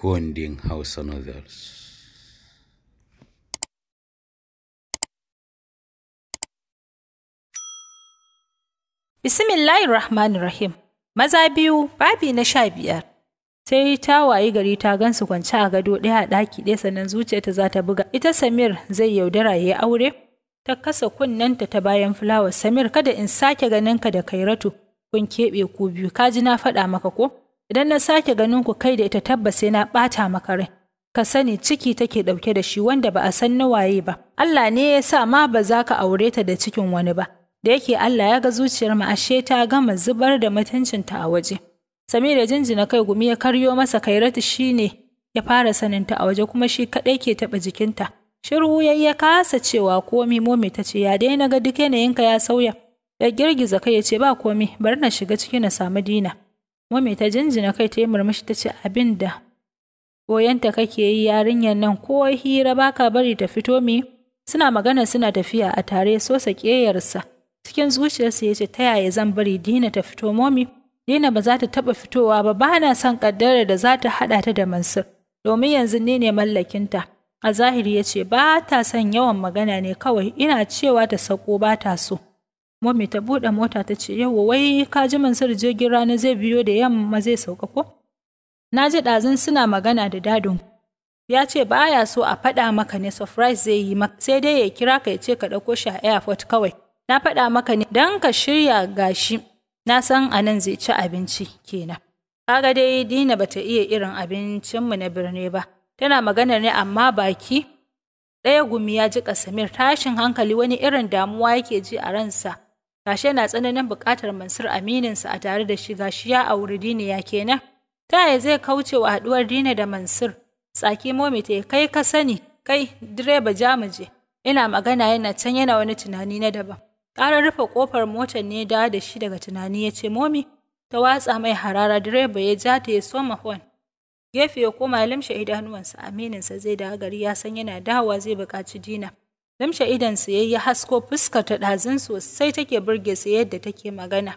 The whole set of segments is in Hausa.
kundin Hausa Novels. rahim Maza biyu, babi na sha biyar. Sai ta wayi gari ta gansu kwanci a gado ɗaya a ɗaki ɗaya sannan zuciyarta za ta buga. Ita Samir zai yaudara ya aure. Ta kasa kunnanta ta bayan fulawar Samir kada in sake ganin ka da Kairatu kun keɓe ku biyu ka ji na faɗa maka ko? Idan na sake ganin ku kai da ita tabbas sai na ɓata maka rai. Ka sani ciki take ɗauke da shi wanda ba a san na waye ba. Allah ne ya sa ma ba za ka aure ta da cikin wani ba. Da yake Allah ya ga zuciyar mu ashe ta gama zubar da mutuncinta a waje. da jinjina kai gumi ya karyo masa kairatu shi ne ya fara sanin ta a waje kuma shi kaɗai ke taɓa jikinta. Shiru ya ya kasa cewa komi momi ta ce ya daina ga duk yanayinka ya sauya. Ya girgiza kai ya ce ba komi bari na shiga ciki na samu dina. Momi ta jinjina kai ta yi murmushi ta ce abin da goyonta kake yi yarinyar nan ko hira baka bari ta fito mi suna magana suna tafiya a tare so sakeyarsa cikin zuciyarsa ya ce ta yaya zan bari dina ta fito momi dina ba za ta taba fitowa ba ba na son kaddara da za ta hada ta da mansur domin yanzu ne ne mallakinta a zahiri ya ce ba ta son yawan magana ne kawai ina cewa ta sako ba ta so Momi ta buɗe mota ta ce, Yau, wai ka ji Mansur jirgin rana zai biyo da yamma zai sauka ko? Na ji ɗazun suna magana da dadin. Ya ce ba ya so a faɗa maka ne surprise zai yi maka sai dai ya kira ka ya ce ka ɗauko shi a airport kawai. Na faɗa maka ne don ka shirya gashi na san a nan zai ci abinci kenan. Kaga dai Dina bata iya irin abincinmu na birni ba. Tana magana ne amma baki ɗaya gumi ya ji ƙasamir tashin hankali wani irin damuwa yake ji a ransa. gashi na tsananin buƙatar Mansur amininsa a tare da shi gashi ya auri diniya kenan. Ta yaya zai kauce wa haɗuwar dina da Mansur? Tsaki momi ta kai ka sani, kai direba je. Ina magana yana can yana wani tunani na daban. Ƙarar rufe ƙofar motar ne da da shi daga tunani ya ce momi ta watsa mai harara direba ya ja ta ya soma hon. Gefe ya koma ya limshe idanuwansa amininsa zai da gari ya san yana dawowa zai buƙaci dina. Lamshe su ya yi hasko fuskar ta ɗazun sosai take burge su yadda take magana.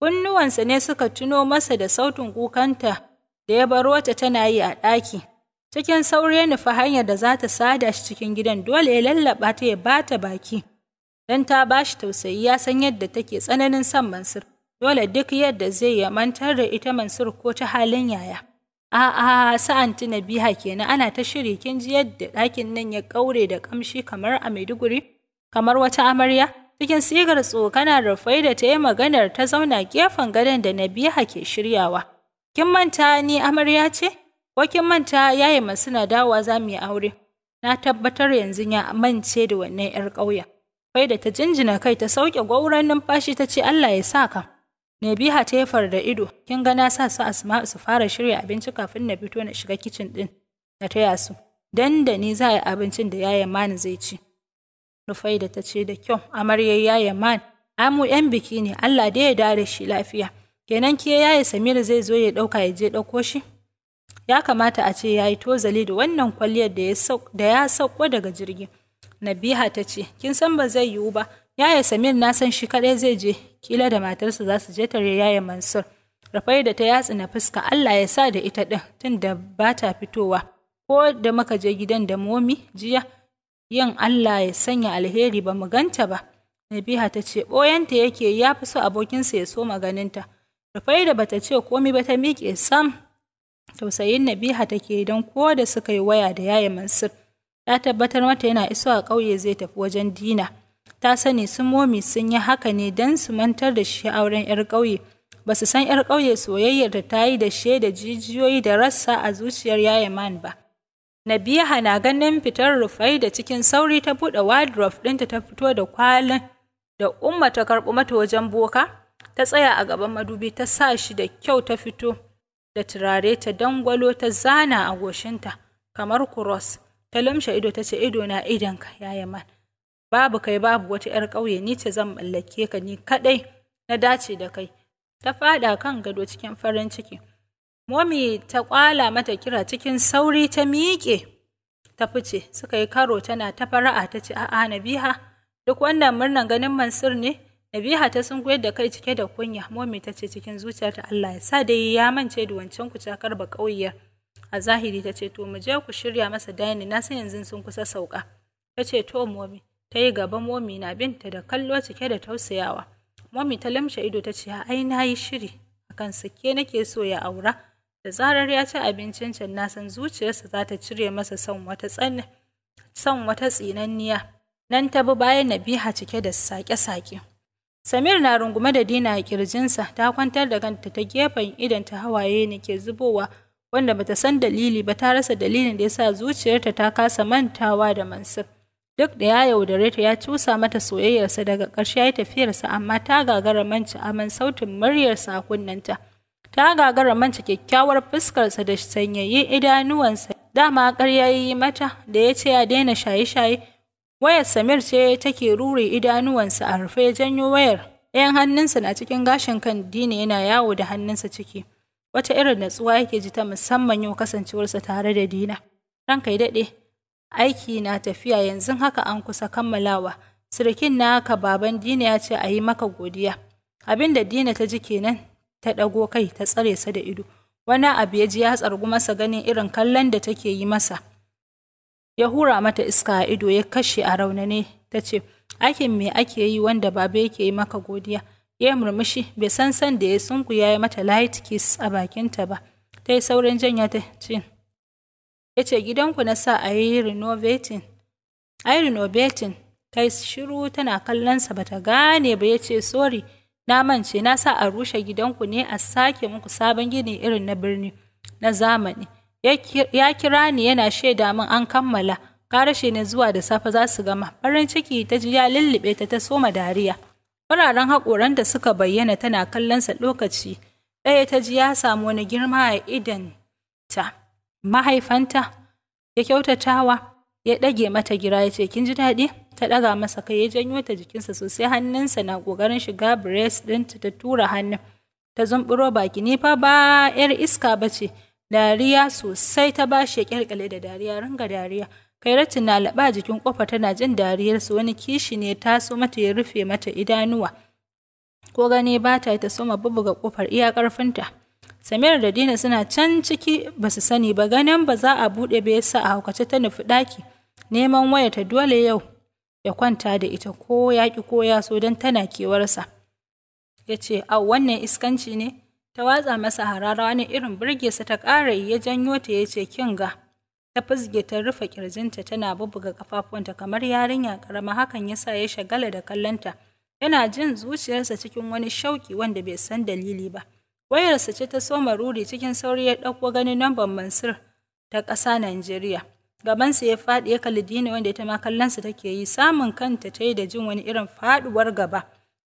Kunnuwansa ne suka tuno masa da sautin kukanta da ya baro ta tana yi a ɗaki. Cikin sauri ya nufi hanyar da za ta sada shi cikin gidan dole ya lallaɓa ta ya ba ta baki. Don ta ba shi tausayi ya san yadda take tsananin son Mansur. Dole duk yadda zai ya mantar da ita Mansur ko ta halin yaya. A'a, sa'an tuna biha kenan ana ta shiri kin ji yadda ɗakin nan ya ƙaure da ƙamshi kamar a Maiduguri, kamar wata amarya. Cikin sigar tsokana rufai da ta yi maganar ta zauna gefen gadon da Nabiha ke shiryawa. Kin manta ni amarya ce? Ko kin manta yaye masuna suna dawowa za mu yi aure? Na tabbatar yanzu ya mance da wannan 'yar ƙauyen. Fai da ta jinjina kai ta sauke gwauran numfashi ta ce Allah ya sa ka. Nabiha ta yi farda ido, kin ga na sa su Asma'u su fara shirya abinci kafin na fito na shiga kicin ɗin na taya su. Dan da ni za a yi abincin da yayan mani zai ci. da ta ce da kyau, amaryar yayan man, amu ‘yan biki ne, Allah da ya dare shi lafiya. Kenan ke yaya Samir zai zo ya ɗauka ya je ɗauko shi? Ya kamata a ce ya yi tozali da wannan kwalliyar da ya sauko daga jirgi. Nabiha ta ce, kin san ba zai yiwu ba, Yaya Samir na san shi kaɗai zai je, kila da matarsa za su je tare yaya Mansur. Rafai da ta yatsu na fuska Allah ya sa da ita ɗin tun da ba ta fitowa. Ko da muka je gidan da momi jiya, yin Allah ya sanya alheri ba mu ganta ba. Nabiha ta ce ɓoyanta yake ya fi so abokinsa ya so maganinta. rafai da bata ce komi ba ta miƙe sam. Tausayin Nabiha take don ko da suka yi waya da yaya Mansur. Ta tabbatar mata yana iso a ƙauye zai tafi wajen Dina. Ta sani su momi sun yi haka ne don su mantar da shi auren 'yar ƙauye. Ba su san 'yar ƙauye soyayyar da ta yi da da jijiyoyi da rassa a zuciyar Yayaman ba. Nabiha na ganin fitar rufai da cikin sauri ta buɗe wardrobe ɗinta ta fito da kwalin da umma ta karɓi mata wajen boka, ta tsaya a gaban madubi ta sa shi da kyau ta fito da turare ta dangwalo ta zana a goshinta kamar kuros, ta lumshe ido ta ce ido na idonka, Yayaman. babu kai babu wata ‘yar ƙauye ni ce zan mallake ka ni kaɗai na dace da kai. Ta faɗa kan gado cikin farin ciki. Momi ta ƙwala mata kira cikin sauri ta miƙe. Ta fice suka yi karo tana ta fara'a ta ce a'a Nabiha duk wannan murnan ganin Mansur ne. Nabiha ta sunkuye da kai cike da kunya. Momi ta ce cikin zuciyarta Allah ya sa dai ya mance da wancan kucakar ba ƙauyiyar. A zahiri ta ce to mu je ku shirya masa dani na san yanzu sun kusa sauka. Ta ce to Momi ta yi gaban momi na binta da kallo cike da tausayawa momi ta lamshe ido ta ce ai na yi shiri akan sake nake so ya aura da zarar ya ci abincin can na san zuciyarsa za ta cire masa son wata tsanin son wata tsinanniya nan ta bi bayan nabiha cike da sake-sake samir na rungume da dina a kirjinsa ta kwantar da kanta ta gefen idan ta hawaye ne ke zubowa wanda bata san dalili ba ta rasa dalilin da ya sa zuciyarta ta kasa mantawa da mansur duk da ya yaudare ta ya cusa mata soyayyarsa daga ƙarshe ya yi tafiyarsa amma ta gagara manci aman sautin muryarsa a ta gagara manci kyakkyawar fuskarsa da sanyayi idanuwansa dama ƙarya yi mata da ya ce ya daina shaye-shaye wayar samir ce take rure idanuwansa a rufe janyo wayar Yan hannunsa na cikin gashin kan dina yana yawo da hannunsa ciki wata irin natsuwa yake ji ta musamman yau kasancewarsa tare da dina ranka ya daɗe aiki na tafiya yanzu haka an kusa kammalawa. Sirikin naka baban Dina ya ce a yi maka godiya. Abin da Dina ta ji kenan ta ɗago kai ta tsare sa da ido. Wani abu ya ji ya tsargu masa ganin irin kallon da take yi masa. Ya hura mata iska a ido ya kashe a raunane ta ce, Aikin me ake yi wanda baba yake yi maka godiya? Ya murmushi bai san san da ya sunku ya mata light kiss a bakinta ba. Ta yi saurin janya ta ce, ya ce gidanku na sa a yi renovating a yi renovating kai shiru tana kallonsa bata gane ba ya ce sorry na mance na sa a rushe gidanku ne a sake muku sabon gini irin na birni na zamani ya kira ni yana shaida min an kammala karashe ne zuwa da safe za su gama farin ciki ta ji ya lullube ta ta soma dariya wuraren haƙoran da suka bayyana tana kallonsa lokaci ɗaya ta ji ya samu wani girma a idan ta mahaifanta ya kyautatawa ya ɗage mata gira ya ce kin ji daɗi ta ɗaga masa kai ya janyo ta jikinsa sosai hannunsa na ƙoƙarin shiga bres ɗinta ta tura hannun ta zumburo baki ni fa ba 'yar iska ba ce dariya sosai ta bashi ya da dariya ringa dariya kai na laɓa jikin kofa tana jin dariyarsu wani kishi ne ta taso mata ya rufe mata idanuwa ko gani ba ta yi ta soma bubuga ƙofar iya ƙarfinta samira da dina suna can ciki ba su sani ba ganin ba za a buɗe ba yasa a haukace ta nufi ɗaki neman waya ta dole yau ya kwanta da ita ko ya ki ko ya so don tana kewarsa ya ce au wannan iskanci ne ta watsa masa harara wani irin sa ta ƙara ya janyo ta ya ce kin ga ta fizge ta rufe kirjinta tana bubbuga kafafunta kamar yarinya karama hakan ya sa ya shagala da kallonta yana jin zuciyarsa cikin wani shauki wanda bai san dalili ba Wayarsa ce ta soma ruri cikin sauri ya ɗauko ganin namban Mansur ta ƙasa Najeriya. Gabansa ya faɗi ya kalli Dina wanda ita ma kallonsa take yi samun kanta ta yi da jin wani irin faɗuwar gaba.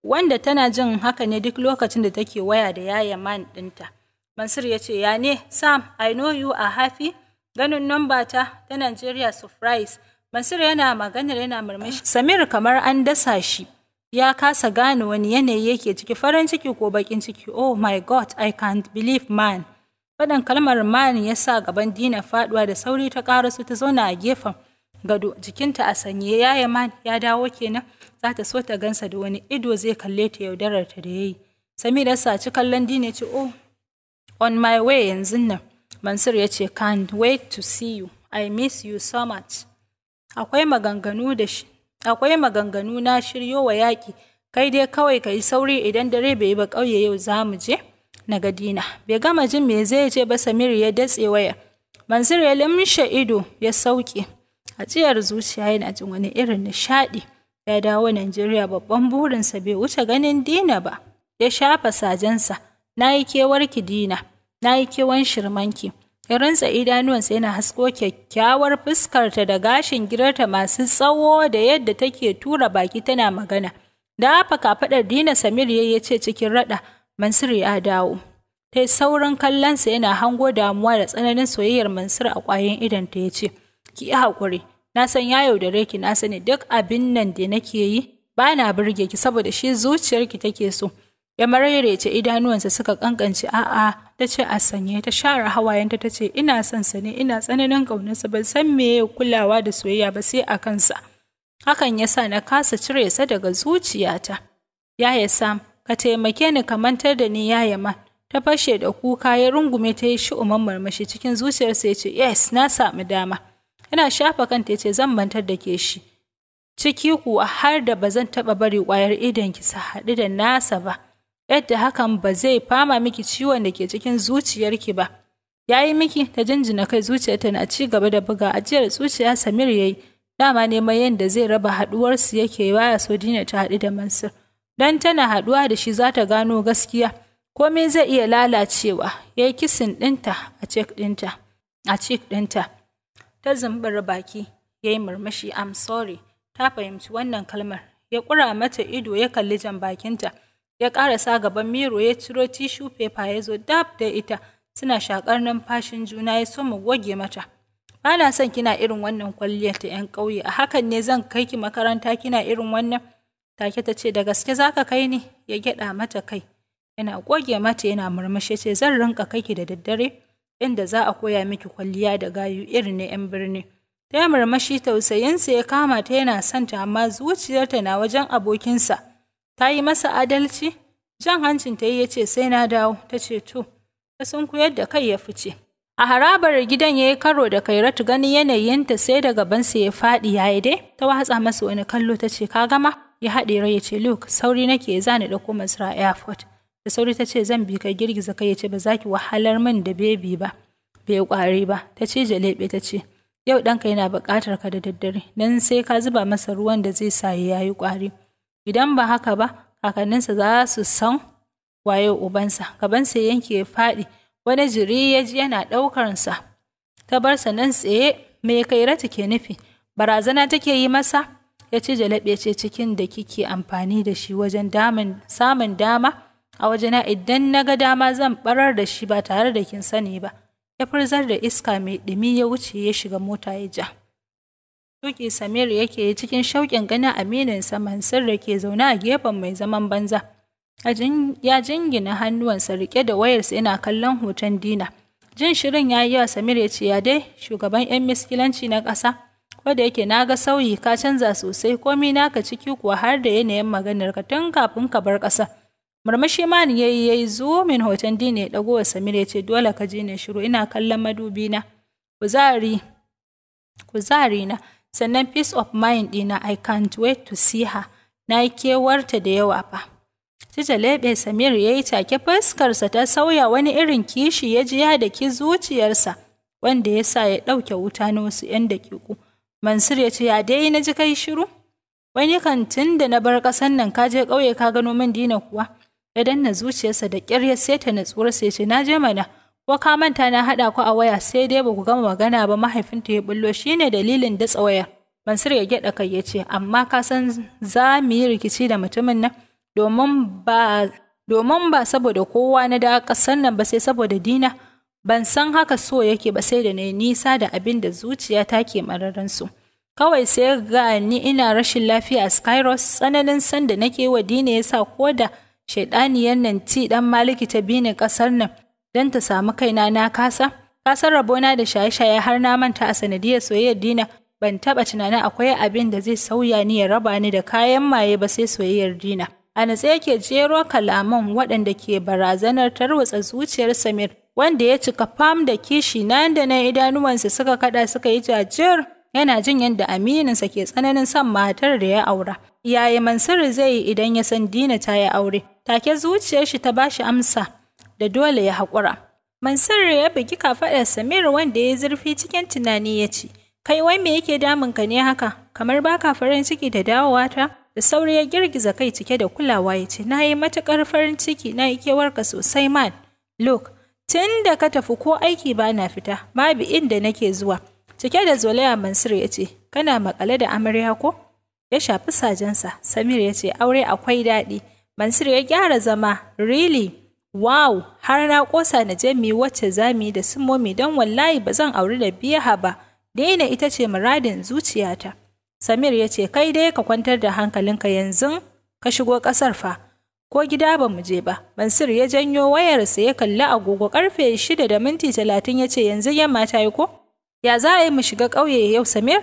Wanda tana jin haka ne duk lokacin da take waya da yaya man ɗinta. Mansur ya ce, ya ne, Sam, I know you are happy. Ganin namba ta ta najeriya surprise. Mansur yana maganar yana murmushi. Samir kamar an dasa shi. ya kasa gane wani yanayi yake ciki farin ciki ko bakin ciki oh my god i can't believe man faɗan kalmar man ya sa gaban dina faɗuwa da sauri ta su ta zauna a gefen gado jikinta a sanye yaya man ya dawo kenan za ta so ta gansa da wani ido zai kalle ta yaudarar ta da yayi sami da saci kallon dina ya ce oh on my way yanzu nan mansur ya ce can't wait to see you i miss you so much akwai maganganu da shi Akwai maganganu na shiryo wa yaƙi, kai dai kawai ka yi sauri idan dare bai yi ba ƙauye yau za mu je na gadina. Bai gama jin me zai je ba Samir ya datse waya. Mansur ya limshe ido ya sauke. A Haciyar zuciya yana jin wani irin nishaɗi. Ya dawo Najeriya babban burinsa bai wuce ganin Dina ba. Ya shafa sajensa. Na yi kewar ki Dina, na yi kewan shirmanki. ya rantsa idanuwansa yana hasko kyakkyawar fuskarta da gashin girarta masu tsawo da yadda take tura baki tana magana. Da haka Dina Samir ya ce cikin raɗa, Mansur ya dawo. Ta saurin kallonsa yana hango damuwa da tsananin soyayyar Mansur a ƙwayen idan ta ce, Ki yi hakuri. na san ya yaudare ki na sani duk abin nan da nake yi, ba na burge ki saboda shi zuciyarki take so. Ya mararece idanuwansa suka kankance a'a ta ce a sanye ta share hawayenta ta ce ina son sa ne ina tsananin ƙaunarsa ban san me kulawa da soyayya ba sai a kansa hakan ya sa na kasa cire sa daga zuciyata yaya sam ka taimake ni ka mantar da ni yaya ma ta fashe da kuka ya rungume ta yi shi umar marmashi cikin zuciyarsa ya ce yes na samu dama yana shafa kanta ya ce zan mantar da ke shi ciki kuwa har da ba zan taɓa bari ƙwayar idon ki sa haɗu da nasa ba yadda hakan ba zai fama miki ciwon da ke cikin zuciyarki ba. Ya yi miki ta jinjina kai zuciyarta na ci gaba da buga ajiyar zuciya Samir ya yi, dama neman yadda zai raba haɗuwarsu yake baya so dina ta haɗu da Mansur. don tana haɗuwa da shi za ta gano gaskiya, komai zai iya lalacewa, ya yi kisin ɗinta a cik ɗinta, a cik ɗinta. Ta zumbura baki, ya yi murmushi, I'm sorry, ta fahimci wannan kalmar, ya ƙura mata ido ya kalli jan bakinta. ya ƙarasa gaban miro ya ciro tishu fefa ya zo dab da ita suna shakar numfashin juna ya so mu goge mata ba na son kina irin wannan kwalliyar ta yan ƙauye a hakan ne zan kai ki makaranta kina irin wannan take ta ce da gaske zaka kai ni ya gyaɗa mata kai yana goge mata yana murmushi ce zan rinka kai ki da daddare inda za a koya miki kwalliya da gayu irin na yan birni ta murmushi tausayinsa ya kama ta yana santa amma zuciyarta na wajen abokinsa ta yi masa adalci? Jan hancin ta yi ya ce sai na dawo, ta ce to, ta sunkuyar da kai ya fice. A harabar gidan ya yi karo da Kairatu gani yanayinta sai da gabansa ya faɗi ya yi dai, ta watsa masa wani kallo ta ce ka gama? Ya haɗe rai ya ce Luke, sauri nake za da ɗauko Masra Airport. Da sauri ta ce zan bi ka girgiza kai ya ce ba za ki wahalar min da bebi ba, bai ƙwari ba, ta ce jalebe ta ce. Yau ɗanka yana buƙatar ka da daddare, don sai ka zuba masa ruwan da zai sa ya yi ƙwari. idan ba haka ba kakanninsa za su san waye ubansa gabansa yanke ya faɗi wani jiri ya ji yana ɗaukarsa ta bar sa nan tsaye me kairata ke nufi barazana take yi masa ya ci jalabe ce cikin da kike amfani da shi wajen samun dama a wajena idan na ga dama zan barar da shi ba tare da kin sani ba ya furzar da iska mai ɗumi ya wuce ya shiga mota ya ja Tuki samiru yake cikin shauƙin ganin amininsa Mansur da ke zaune a gefen mai zaman banza. Ya jingina hannuwansa rike da wayarsa yana kallon hoton Dina. Jin shirin ya yi wa Samir ya ce ya dai shugaban 'yan miskilanci na ƙasa. Wanda yake na ga sauyi ka canza sosai komi naka ciki kuwa har da yanayin maganar ka tun kafin ka bar ƙasa. Murmushi ma ni yayi yayi zumin hoton Dina ya ɗago wa Samir ya ce dole ka je na shiru ina kallon madubi na. Kuzari na. Sannan peace of mind ɗina, I can't wait to see her, na yi kewarta da yawa fa. Ci jalebe Samir ya yi take fuskarsa ta sauya wani irin kishi ya ji ya ki zuciyarsa, wanda ya sa ya ɗauke wuta na wasu ‘yan dakiku. Mansur ya ce, ya dai na ji kai shiru? Wani kantin da na bar ƙasan nan ka je ƙauye ka gano min dina kuwa. Ya danna zuciyarsa da ƙyar ya seta natsuwarsa ya ce, na je mana. ko ka manta na haɗa ku a waya sai dai ba ku gama magana ba mahaifinta ya bullo shine dalilin datsa wayar mansur ya gyaɗa kai ya ce amma ka san za mu yi rikici da mutumin nan domin ba domin ba saboda kowa na da ƙasar nan ba sai saboda dina ban san haka so yake ba sai da na nisa da abin da zuciya ta ke su. kawai sai ga ni ina rashin lafiya a skyros tsananin sanda da nake wa dina ya sa ko da shaiɗaniyan nan ci ɗan maliki ta ni ƙasar nan don ta samu kaina na kasa? Kasar rabona da shaye-shaye har na manta a sanadiyar soyayyar dina ban taɓa tunanin akwai abin da zai sauya ni ya raba ni da kayan maye ba sai soyayyar dina. A natse yake jero kalaman waɗanda ke barazanar tarwatsa zuciyar Samir wanda ya cika fam da kishi nan da nan idanuwansa suka kada suka yi jajir yana jin yadda amininsa ke tsananin son matar da ya aura. Yaya Mansur zai yi idan ya san Dina ta yi aure? Take zuciyar shi ta bashi amsa da dole ya haƙura. Mansur ya bugi kafaɗar Samir wanda ya zurfi cikin tunani ya ce, Kai wai me yake damun ka ne haka, kamar baka farin ciki da dawowata Da sauri ya girgiza kai cike da kulawa ya ce, Na yi matuƙar farin ciki, na yi kewarka sosai man. Look, tun da ka tafi ko aiki ba na fita, babu inda nake zuwa. Cike da zolaya Mansur ya ce, Kana maƙale da amarya ko? Ya shafi sajensa, Samir ya ce, Aure akwai daɗi. Mansur ya gyara zama, Really? Wow, har na ƙosa na je mi wacce za mu yi da simomi don wallahi ba zan auri da biya ba, daina ita ce muradin zuciyata. Samir ya ce, kai dai ka kwantar da hankalinka yanzu ka shigo ƙasar fa, ko gida ba mu je ba. Mansur ya janyo wayarsa ya kalli agogo ƙarfe shida da minti talatin ya ce yanzu ya mata yi ko? Ya za a yi mu shiga ƙauye yau Samir?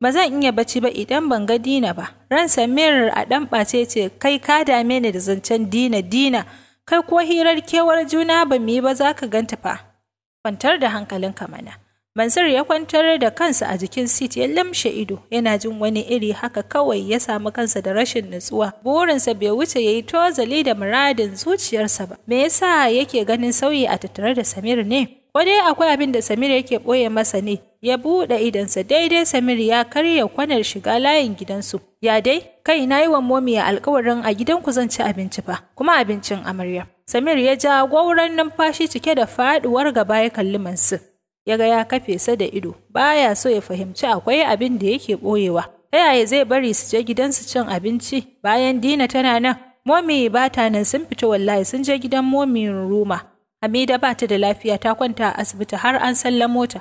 Ba zan iya bacci ba idan ban ga Dina ba. Ran Samir a ɗan ɓace ce, kai ka dame ni da zancen Dina Dina. kai ko hirar kewar juna ba mu yi ba za ka ganta fa. Kwantar da hankalinka mana. Mansur ya kwantar da kansa a jikin sit ya lamshe ido yana jin wani iri haka kawai ya samu kansa da rashin nutsuwa. Burinsa bai wuce ya yi tozali da muradin zuciyarsa ba. Me yasa yake ganin sauyi a tattare da Samir ne? ko dai akwai abin da Samir yake ɓoye masa ne ya buɗe idansa daidai Samir ya karya kwanar shiga layin gidansu ya dai kai na yi wa momi alkawarin a gidanku zan ci abinci fa kuma abincin amarya Samir ya ja gwauran numfashi cike da faɗuwar gaba ya kalli mansu ya ga ya kafe sa da ido baya so ya fahimci akwai abin da yake ɓoyewa ta yaya zai bari su je gidansu cin abinci bayan Dina tana nan momi ba ta nan sun fita wallahi sun je gidan momin Ruma Hamida ba ta da lafiya ta kwanta a asibiti har an sallamo mota.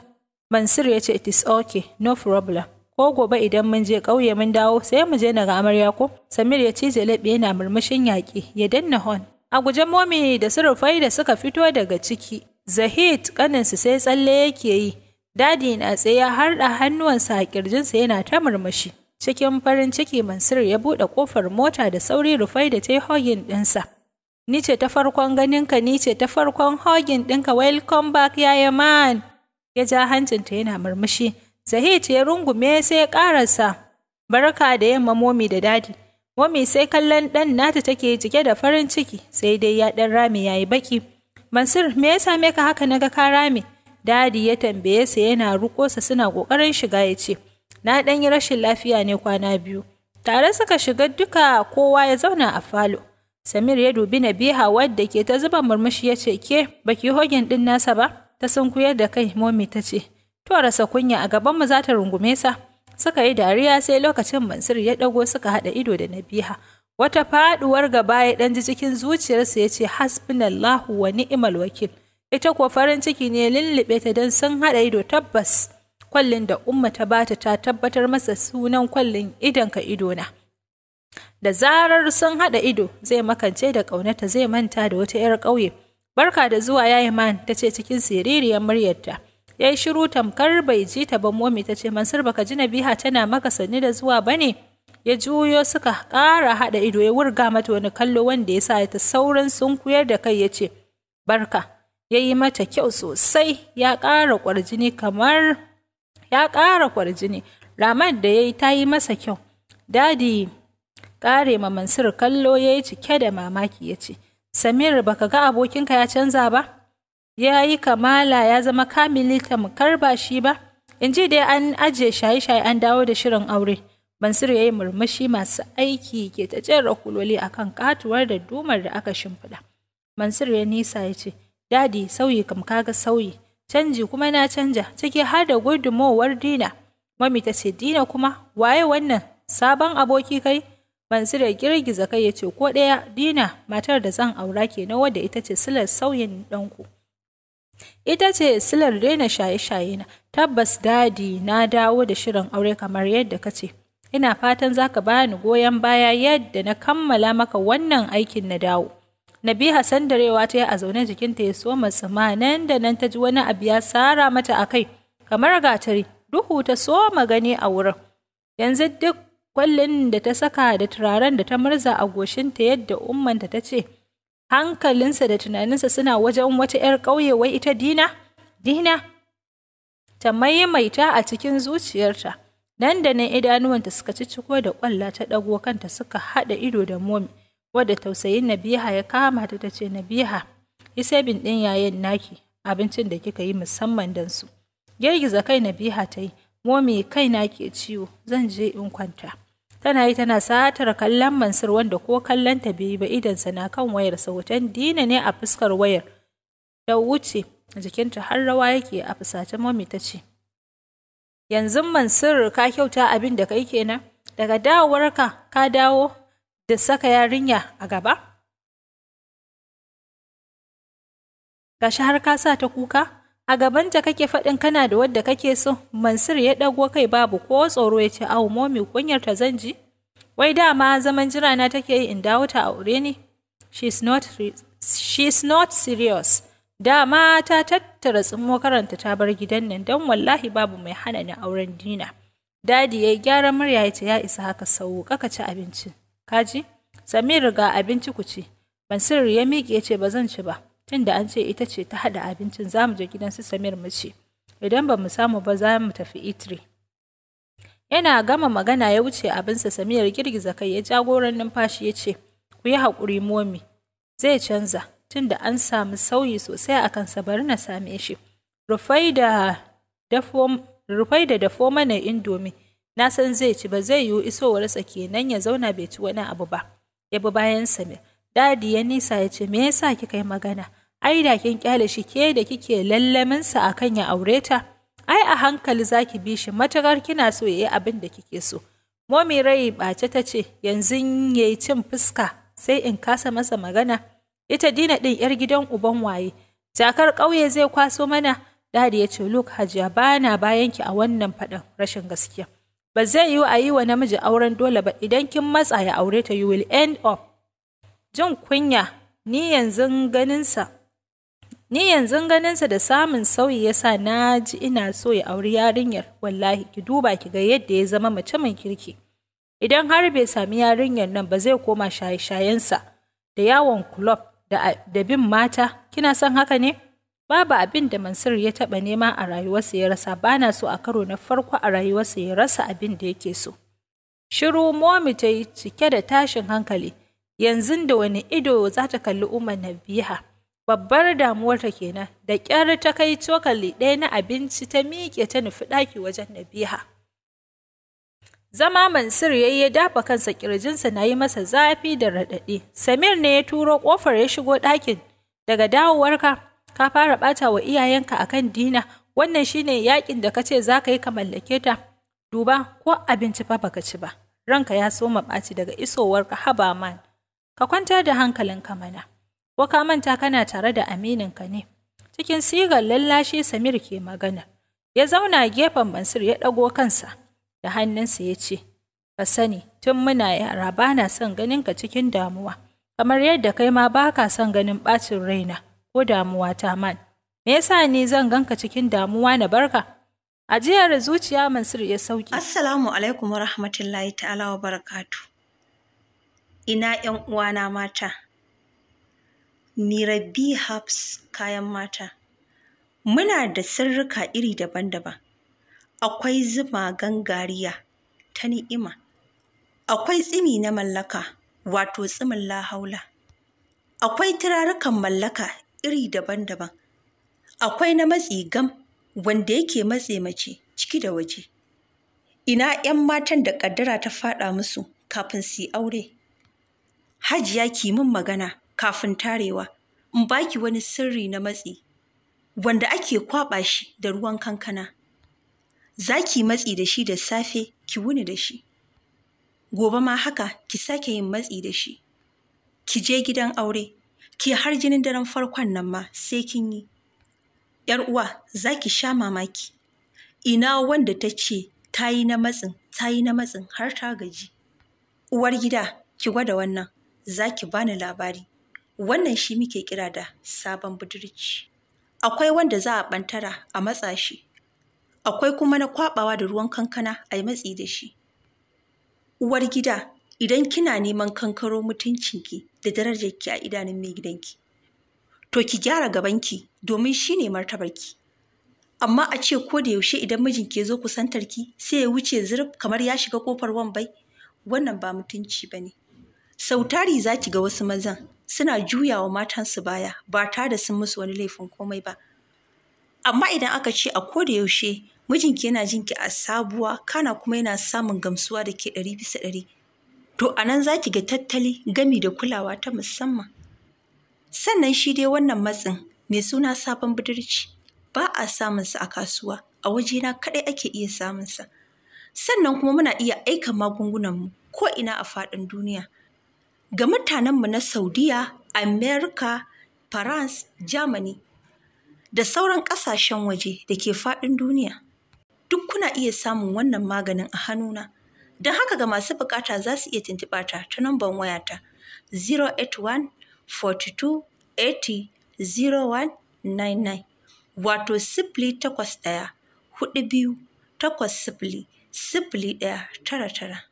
Mansur ya ce it is okay, no problem. Ko gobe idan mun je ƙauye mun dawo sai mu je na amarya ko? Samir ya ce laɓe yana murmushin yaƙi ya danna hon. A guje momi da surufai da suka fito daga ciki. Zahid kaninsu sai tsalle yake yi. Dadi na tsaye har da hannuwansa a ƙirjinsa yana ta murmushi. Cikin farin ciki Mansur ya buɗe ƙofar mota da sauri Rufai da ta yi hoyin ɗinsa. Ni ce ta farkon ganinka, ni ce ta farkon hogin ɗinka, welcome back yaya man. Ya ja hancinta yana murmushi. Zahid ya rungume sai ya ƙarasa. Barka da yamma momi da dadi. Momi sai kallon ɗan nata take cike da farin ciki, sai dai ya ɗan rami yayi baki. Mansur, me yasa me ka haka naga ka rami? Dadi ya tambaye sa yana rukosa suna ƙoƙarin shiga ya ce, Na ɗan yi rashin lafiya ne kwana biyu. Tare suka shiga duka kowa ya zauna a falo. Samir ya dubi Nabiha wadda ke ta zuba murmushi ya ce, Ke, baki hogin din nasa ba? Ta sunkuyar da kai, momi ta ce, To rasa kunya a gabanmu za ta rungume sa. Suka yi dariya sai lokacin Mansur ya dago suka hada ido da Nabiha. Wata faduwar gaba ya dan ji cikin zuciyarsa ya ce, Hasbunallahu wa ni'mal wakil. Ita kuwa farin ciki ne lullube ta dan sun hada ido tabbas. Kwallin da Umma ta bata ta tabbatar masa sunan kwallin idonka idona. da zarar sun haɗa ido zai makance da ƙaunata zai manta da wata 'yar ƙauye barka da zuwa yayi man ta ce cikin siririyar muryarta ya yi shiru tamkar bai ji ta ba momi ta ce mansur baka ji nabiha tana maka sanni da zuwa ba ne ya juyo suka ƙara haɗa ido ya wurga mata wani kallo wanda ya sa ta saurin sun kuyar da kai ya ce barka ya yi mata kyau sosai ya ƙara kwarjini kamar ya ƙara kwarjini ramar da ya yi ta yi masa kyau dadi kare ma Mansur kallo ya yi cike da mamaki ya ce, Samir baka ga abokinka ya canza ba? Ya yi kamala ya zama kamili mukar ba shi ba? In ji dai an ajiye shaye-shaye an dawo da shirin aure. Mansur ya yi murmushi masu aiki ke ta jera kuloli a kan katuwar da dumar da aka shimfiɗa. Mansur ya nisa ya ce, Dadi sauyi kam kaga sauyi, canji kuma na canja, ciki har da gudunmowar Dina. Mami ta ce, Dina kuma, waye wannan, sabon aboki kai? Mansur ya girgiza kai ya ce ko ɗaya Dina matar da zan aura ke na wadda ita ce silar sauyin ɗanku. Ita ce silar daina shaye-shaye na tabbas dadi na dawo da shirin aure kamar yadda ka ce. Ina fatan za ka bani goyon baya yadda na kammala maka wannan aikin na dawo. Nabiha darewa ta yi a zaune jikinta ya so matsima nan da nan ta ji wani abu ya sara mata a kai kamar gatari duhu ta so gani a wurin. Yanzu duk kwallin da ta saka da turaren da ta murza a goshinta yadda ummanta ta ce, hankalinsa da tunaninsa suna wajen wata ‘yar ƙauye wai ita dina, dina, ta maimaita a cikin zuciyarta. Nan da nan idanuwanta suka ci ciko da ƙwalla ta ɗago kanta suka haɗa ido da momi, wadda tausayin Nabiha ya kama ta ta ce, Nabiha, isabin ɗin yayin naki, abincin da kika yi musamman don su. Girgiza kai Nabiha ta yi, momi na ke ciwo, zan je in kwanta. tana yi tana satar kallon Mansur wanda ko kallon ta bai ba idonsa na kan wayar sa hoton dina ne a fuskar wayar da wuce jikinta har rawa yake a fusace mami ta ce yanzu Mansur ka kyauta abin da kai kenan daga dawowarka ka dawo da saka yarinya a gaba gashi har ka sa ta kuka a gabanta kake faɗin kana da wadda kake so mansur ya ɗago kai babu ko tsoro ya ce au momi kunyar ta zan ji wai dama zaman jira na take yi in dawo ta aure ne she's not not serious dama ta tattara tsimo karanta ta bar gidan nan don wallahi babu mai hana ni auren dina dadi ya gyaran murya ya ce ya isa haka sau kaka ci abinci kaji samir ga abinci ku ci mansur ya miƙe ya ce ba zan ci ba tunda an ce ita ce ta haɗa abincin za mu je gidan su Samir mu ce idan ba mu samu ba za mu tafi Itri yana gama magana ya wuce abinsa Samir girgiza kai ya jagoran numfashi ya ce ku yi hakuri momi zai canza tunda an samu sauyi sosai a kansa bari na same shi rufai da dafo mana indomi na san zai ci ba zai yiwu isowarsa kenan ya zauna bai ci wani abu ba ya bi bayan Samir dadi ya nisa ya ce me yasa kika yi magana ai da kin kyale shi ke da kike lallamin sa akan ya aure ta ai a hankali zaki bi shi matakar kina so yayi abin da kike so momi rai bace ta ce yanzu yayi cin fuska sai in kasa masa magana ita dina din yar gidan uban waye jakar ƙauye zai kwaso mana dadi ya ce look hajiya bana bayan ki a wannan faɗan rashin gaskiya ba zai yiwu a yi wa namiji auren dole ba idan kin matsa ya aure ta you will end up jin kunya ni yanzu ganin sa. Ni yanzu ganinsa da samun sauyi ya sa na ji ina so ya auri yarinyar, wallahi ki duba ki ga yadda ya zama mace mai kirki. Idan har bai sami yarinyar nan ba zai koma shaye-shayensa da yawon kulob da, da bin mata, kina son haka ne? Babu abin da Mansur ya taɓa nema a rayuwarsa ya rasa, bana so a karo na farko a rayuwarsa ya rasa abin da yake so. Shiru momi ta yi cike da tashin hankali, yanzu da wani ido za ta kalli Umar Nabiha. Babbar damuwar damuwarta kenan, da ƙyar ta kai cokali ɗaya na abinci ta miƙe ta nufi ɗaki wajen Nabiha. Zama Mansur ya yi dafa kansa ƙirjinsa na yi masa zafi da raɗaɗi. Samir ne ya turo ƙofar ya shigo ɗakin. Daga dawowarka, ka fara ɓata wa iyayenka akan dina, wannan shine yakin da ka ce za ka yi ka mallake ta. Duba ko abinci fa baka ci ba. ranka ya soma ɓaci daga isowarka haba man, ka kwanta da hankalinka mana. ko ka manta kana tare da amininka ne. Cikin sigar lallashi Samir ke magana. Ya zauna gefen Mansur ya ɗago kansa da hannunsa ya ce, Ka sani, tun muna yara ba na son ganin ka cikin damuwa, kamar yadda kai ma ba ka son ganin ɓacin raina ko damuwa ta man. Me yasa ni zan ganka cikin damuwa na barka? Ajiyar zuciya Mansur ya sauki. Assalamu alaikum wa rahmatullahi ta'ala wa barakatu. Ina ‘yan uwana mata. Nirabi Herbs kayan mata. Muna da sirrika iri daban-daban. Akwai zuma gangariya ta ni'ima. Akwai tsimi na mallaka, wato tsimin lahaula. Akwai turarukan mallaka iri daban-daban. Akwai na matsi gam wanda yake matse mace ciki da waje. Ina ‘yan matan da ƙaddara ta faɗa musu kafin su yi aure. Hajiya ki min magana, kafin tarewa in baki wani sirri na matsi wanda ake kwaɓa shi da ruwan kankana za ki matsi da shi da safe ki wuni da shi gobe ma haka ki sake yin matsi da shi ki je gidan aure ki har jinin daren farkon nan ma sai kin yi ‘yar uwa za ki sha mamaki ina wanda ta ce ta yi na matsin ta yi na matsin har ta gaji uwar gida ki gwada wannan za ki bani labari Wannan shi muke kira da sabon budurci. Akwai wanda za a bantara a matsa shi, akwai kuma na kwaɓawa da ruwan kankana a yi matsi da shi. Uwar gida, idan kina neman kankaro mutuncinki da darajarki a idanun mai gidanki, to ki gyara gabanki domin shi ne martabarki. Amma a ce ko da yaushe idan mijinki ya zo kusantarki sai ya wuce zurf kamar ya shiga kofar wambai, wannan ba mutunci ba ne. Sautari za ki ga wasu mazan suna juyawa matansu baya ba tare da sun musu wani laifin komai ba amma idan aka ce a ko da yaushe mijinki yana jin ki a sabuwa kana kuma yana samun gamsuwa da ke ɗari bisa ɗari to a nan za ki ga tattali gami da kulawa ta musamman sannan shi dai wannan matsin mai suna sabon budurci ba a samun sa a kasuwa a wajena kaɗai ake iya samunsa sannan kuma muna iya aika magungunanmu ko ina a faɗin duniya ga mutanenmu na Saudiya, Amerika, France, Germany da sauran ƙasashen waje da ke faɗin duniya. Duk kuna iya samun wannan maganin a hannuna. Don haka ga masu bukata za su iya tuntuɓa ta ta namban wayata 081 42 80 0199 wato sifili takwas ɗaya hudu biyu takwas sifili sifili ɗaya tara tara.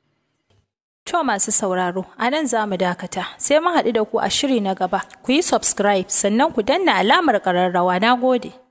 To masu sauraro, a nan za mu dakata, sai mun haɗu da ku a shiri na gaba, ku yi subscribe sannan ku danna alamar ƙararrawa na gode.